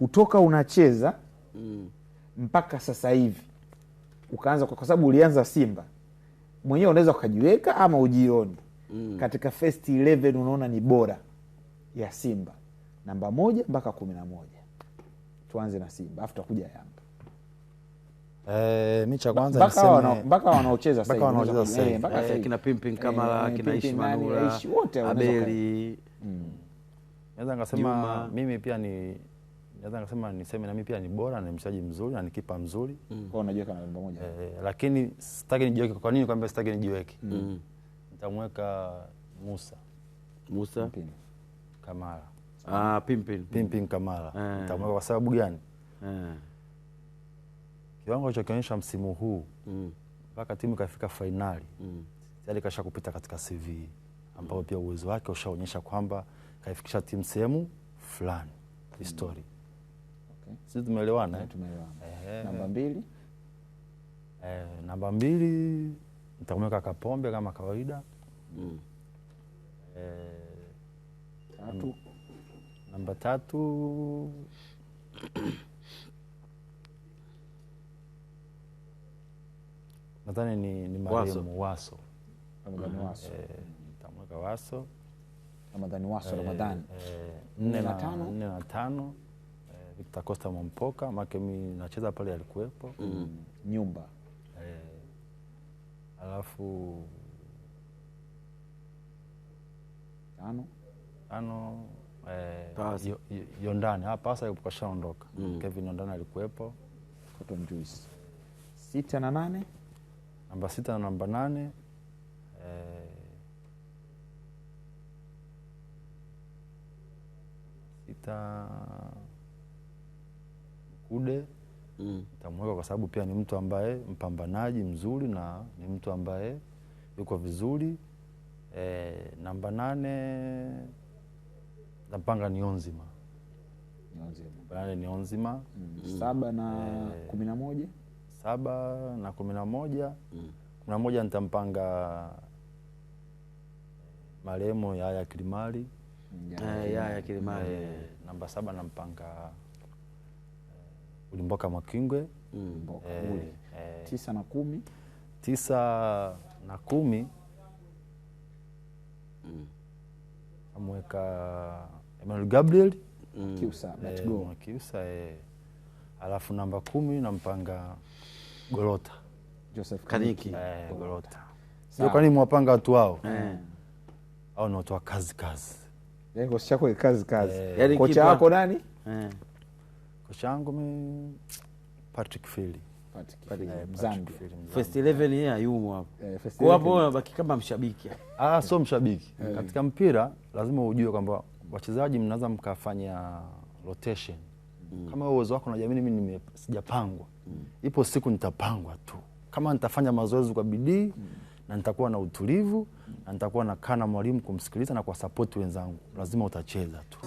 kutoka unacheza mm. mpaka sasa hivi ukaanza, kwa sababu ulianza Simba mwenyewe, unaweza ukajiweka ama ujioni mm. katika fest 11 unaona ni bora ya Simba namba moja mpaka kumi na moja. Tuanze na Simba afu tutakuja Yanga. Eh, mi cha eh, eh, Pimpin eh, mm. naweza mimi pia ni naweza nikasema niseme nami pia ni bora na mchezaji mzuri na nikipa mzuri mm. kwao unajiweka na namba moja eh, lakini sitaki nijiweke. Kwa nini kwambia sitaki nijiweke? mm. nitamweka Musa Musa Pimpin. Kamara ah, Pimpin. Pimpin Kamara eh. nitamweka kwa sababu gani? eh. kiwango alichokionyesha msimu huu mm. mpaka mm. timu ikafika fainali mm. tayari kasha kupita katika CV ambapo pia uwezo wake ushaonyesha kwamba kaifikisha timu sehemu fulani history mm sisi tumeelewana eh? Tumeelewana. namba mbili eh, namba mbili nitamweka Kapombe kama kawaida mm. eh, tatu. Namba tatu nadhani ni, ni marehemu eh, Waso nitamweka Waso eh, Ramadhani Waso eh, Ramadhani nne na tano Victor Costa Mwampoka, maana mimi nacheza pale alikuwepo mm. nyumba eh, alafu tano tano eh, Yondani hapa ah, yupo kashaondoka mm. Kevin Yondani alikuwepo, Cotton Juice sita na nane namba sita na namba nane eh, sita Ude mm. Tamweka kwa sababu pia ni mtu ambaye mpambanaji mzuri na ni mtu ambaye yuko vizuri e, namba nane napanga ni Onzima nane ni Onzima mm. saba na e, kumi na moja saba na kumi na moja mm. kumi na moja nitampanga marehemu Yahya Kilimali mm. Yahya Kilimali e, namba saba nampanga Ulimboka Mwakingwe mm, eh, eh, tisa na kumi tisa na kumi mm. amweka Emmanuel Gabriel mm. Kiusa, eh, Kiusa eh. alafu namba kumi nampanga Golota Joseph Kaniki eh, Golota sio, kwani mwapanga watu wao eh. au ni watu wa kazi kazi, eh, kocha kazi kazi, eh, yaani kocha wako nani eh. Kocha yangu mi Patrick Fili first 11 yeye hayumo hapo, eh, hapo unabaki kama mshabiki. Ah, sio mshabiki eh. katika mpira, lazima ujue kwamba wachezaji mnaweza mkafanya rotation mm. Kama uwezo wako unajiamini, mimi sijapangwa mm. Ipo siku nitapangwa tu, kama nitafanya mazoezi kwa bidii mm. na nitakuwa na utulivu mm. na nitakuwa na kana mwalimu kumsikiliza na kuwasapoti wenzangu, lazima utacheza tu.